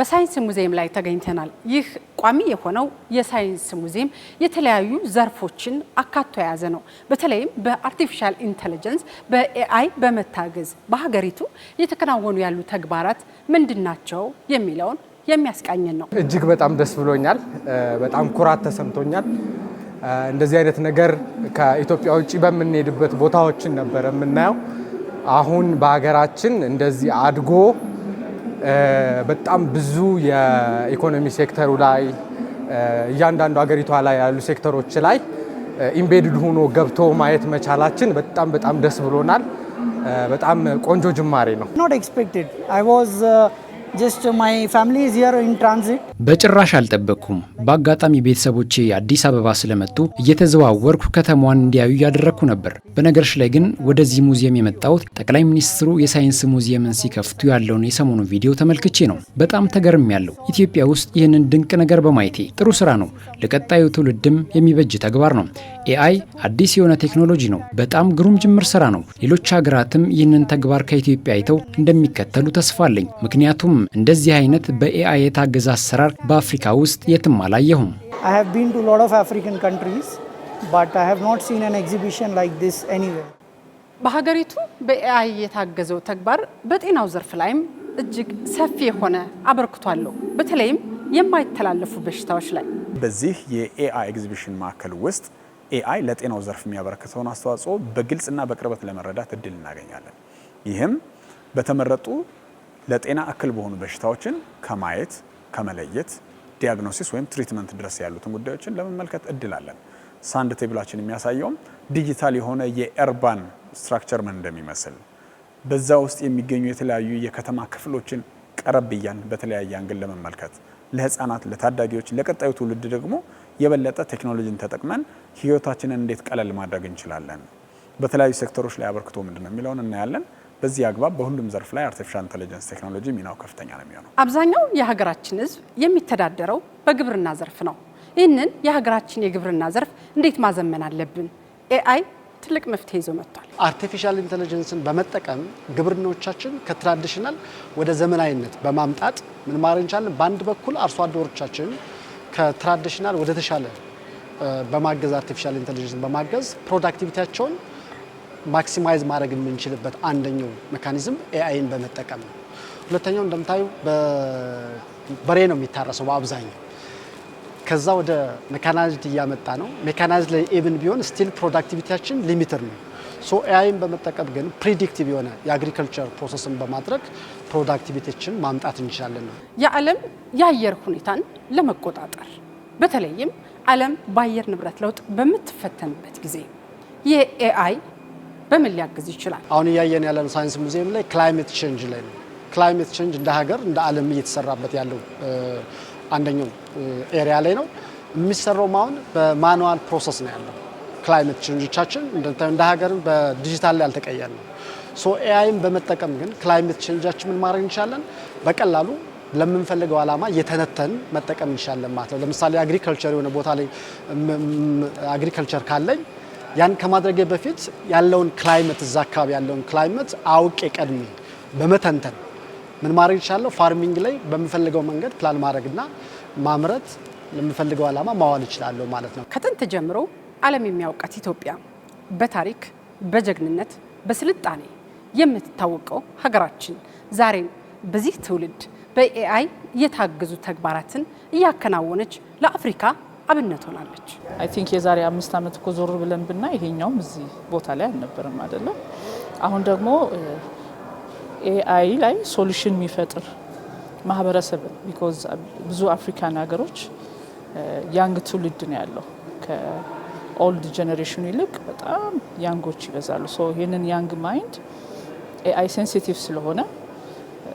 በሳይንስ ሙዚየም ላይ ተገኝተናል። ይህ ቋሚ የሆነው የሳይንስ ሙዚየም የተለያዩ ዘርፎችን አካቶ የያዘ ነው። በተለይም በአርቲፊሻል ኢንተለጀንስ በኤአይ በመታገዝ በሀገሪቱ እየተከናወኑ ያሉ ተግባራት ምንድን ናቸው የሚለውን የሚያስቃኝን ነው። እጅግ በጣም ደስ ብሎኛል። በጣም ኩራት ተሰምቶኛል። እንደዚህ አይነት ነገር ከኢትዮጵያ ውጭ በምንሄድበት ቦታዎችን ነበረ የምናየው። አሁን በሀገራችን እንደዚህ አድጎ በጣም ብዙ የኢኮኖሚ ሴክተሩ ላይ እያንዳንዱ ሀገሪቷ ላይ ያሉ ሴክተሮች ላይ ኢምቤድድ ሆኖ ገብቶ ማየት መቻላችን በጣም በጣም ደስ ብሎናል። በጣም ቆንጆ ጅማሬ ነው። በጭራሽ አልጠበቅኩም። በአጋጣሚ ቤተሰቦቼ አዲስ አበባ ስለመጡ እየተዘዋወርኩ ከተማዋን እንዲያዩ እያደረግኩ ነበር። በነገርሽ ላይ ግን ወደዚህ ሙዚየም የመጣሁት ጠቅላይ ሚኒስትሩ የሳይንስ ሙዚየምን ሲከፍቱ ያለውን የሰሞኑ ቪዲዮ ተመልክቼ ነው። በጣም ተገርም ያለው ኢትዮጵያ ውስጥ ይህንን ድንቅ ነገር በማየቴ ጥሩ ስራ ነው። ለቀጣዩ ትውልድም የሚበጅ ተግባር ነው። ኤአይ አዲስ የሆነ ቴክኖሎጂ ነው። በጣም ግሩም ጅምር ስራ ነው። ሌሎች ሀገራትም ይህንን ተግባር ከኢትዮጵያ አይተው እንደሚከተሉ ተስፋ አለኝ። ምክንያቱም ምክንያቱም እንደዚህ አይነት በኤአይ የታገዘ አሰራር በአፍሪካ ውስጥ የትም አላየሁም። በሀገሪቱ በኤአይ የታገዘው ተግባር በጤናው ዘርፍ ላይም እጅግ ሰፊ የሆነ አበርክቶ አለው። በተለይም የማይተላለፉ በሽታዎች ላይ በዚህ የኤአይ ኤግዚቢሽን ማዕከል ውስጥ ኤአይ ለጤናው ዘርፍ የሚያበረክተውን አስተዋጽኦ በግልጽና በቅርበት ለመረዳት እድል እናገኛለን። ይህም በተመረጡ ለጤና እክል በሆኑ በሽታዎችን ከማየት ከመለየት ዲያግኖሲስ ወይም ትሪትመንት ድረስ ያሉትን ጉዳዮችን ለመመልከት እድል አለን። ሳንድ ቴብላችን የሚያሳየውም ዲጂታል የሆነ የኤርባን ስትራክቸር ምን እንደሚመስል በዛ ውስጥ የሚገኙ የተለያዩ የከተማ ክፍሎችን ቀረብ እያን በተለያየ አንግል ለመመልከት ለህፃናት፣ ለታዳጊዎች፣ ለቀጣዩ ትውልድ ደግሞ የበለጠ ቴክኖሎጂን ተጠቅመን ህይወታችንን እንዴት ቀለል ማድረግ እንችላለን፣ በተለያዩ ሴክተሮች ላይ አበርክቶ ምንድን ነው የሚለውን እናያለን። በዚህ አግባብ በሁሉም ዘርፍ ላይ አርቲፊሻል ኢንቴሊጀንስ ቴክኖሎጂ ሚናው ከፍተኛ ነው የሚሆነው። አብዛኛው የሀገራችን ህዝብ የሚተዳደረው በግብርና ዘርፍ ነው። ይህንን የሀገራችን የግብርና ዘርፍ እንዴት ማዘመን አለብን? ኤአይ ትልቅ መፍትሄ ይዞ መጥቷል። አርቲፊሻል ኢንቴሊጀንስን በመጠቀም ግብርናዎቻችን ከትራዲሽናል ወደ ዘመናዊነት በማምጣት ምን ማድረግ እንችላለን? በአንድ በኩል አርሶ አደሮቻችን ከትራዲሽናል ወደ ተሻለ በማገዝ አርቲፊሻል ኢንቴሊጀንስን በማገዝ ፕሮዳክቲቪቲያቸውን ማክሲማይዝ ማድረግ የምንችልበት አንደኛው ሜካኒዝም ኤአይን በመጠቀም ነው። ሁለተኛው እንደምታዩ በሬ ነው የሚታረሰው በአብዛኛው። ከዛ ወደ ሜካናይዝድ እያመጣ ነው። ሜካናይዝድ ላይ ኤብን ቢሆን ስቲል ፕሮዳክቲቪቲያችን ሊሚትድ ነው። ሶ ኤአይን በመጠቀም ግን ፕሪዲክቲቭ የሆነ የአግሪካልቸር ፕሮሰስን በማድረግ ፕሮዳክቲቪቲችን ማምጣት እንችላለን ነው። የዓለም የአየር ሁኔታን ለመቆጣጠር በተለይም ዓለም በአየር ንብረት ለውጥ በምትፈተንበት ጊዜ የኤአይ በምን ሊያግዝ ይችላል? አሁን እያየን ያለን ሳይንስ ሙዚየም ላይ ክላይሜት ቼንጅ ላይ ነው። ክላይሜት ቼንጅ እንደ ሀገር እንደ ዓለም እየተሰራበት ያለው አንደኛው ኤሪያ ላይ ነው የሚሰራውም አሁን በማኑዋል ፕሮሰስ ነው ያለው። ክላይሜት ቼንጆቻችን እንደ ሀገር በዲጂታል ላይ አልተቀየር ነው። ሶ ኤአይን በመጠቀም ግን ክላይሜት ቼንጃችን ምን ማድረግ እንችላለን? በቀላሉ ለምንፈልገው ዓላማ እየተነተን መጠቀም እንችላለን ማለት ነው። ለምሳሌ አግሪካልቸር የሆነ ቦታ ላይ አግሪካልቸር ካለኝ ያን ከማድረግ በፊት ያለውን ክላይመት እዛ አካባቢ ያለውን ክላይመት አውቄ ቀድሜ በመተንተን ምን ማድረግ ይቻለሁ፣ ፋርሚንግ ላይ በምፈልገው መንገድ ፕላን ማድረግና ማምረት ለምፈልገው ዓላማ ማዋል ይችላለሁ ማለት ነው። ከጥንት ጀምሮ ዓለም የሚያውቃት ኢትዮጵያ በታሪክ በጀግንነት፣ በስልጣኔ የምትታወቀው ሀገራችን ዛሬም በዚህ ትውልድ በኤአይ የታገዙ ተግባራትን እያከናወነች ለአፍሪካ አብነት ሆናለች። አይ ቲንክ የዛሬ አምስት ዓመት እኮ ዞር ብለን ብና ይሄኛውም እዚህ ቦታ ላይ አልነበርም አይደለም። አሁን ደግሞ ኤአይ ላይ ሶሉሽን የሚፈጥር ማህበረሰብ ቢኮዝ ብዙ አፍሪካን ሀገሮች ያንግ ትውልድ ነው ያለው ከኦልድ ጀኔሬሽኑ ይልቅ በጣም ያንጎች ይበዛሉ። ይህንን ያንግ ማይንድ ኤአይ ሴንሲቲቭ ስለሆነ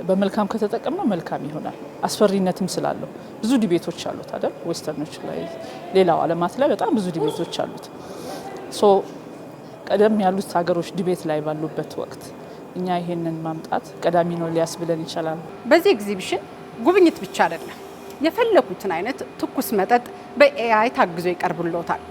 በመልካም ከተጠቀምነው መልካም ይሆናል። አስፈሪነትም ስላለው ብዙ ዲቤቶች አሉት አይደል? ዌስተርኖች ላይ ሌላው አለማት ላይ በጣም ብዙ ዲቤቶች አሉት። ሶ ቀደም ያሉት ሀገሮች ዲቤት ላይ ባሉበት ወቅት እኛ ይሄንን ማምጣት ቀዳሚ ነው ሊያስብለን ይችላል። በዚህ ኤግዚቢሽን ጉብኝት ብቻ አይደለም፣ የፈለጉትን አይነት ትኩስ መጠጥ በኤአይ ታግዞ ይቀርብሎታል።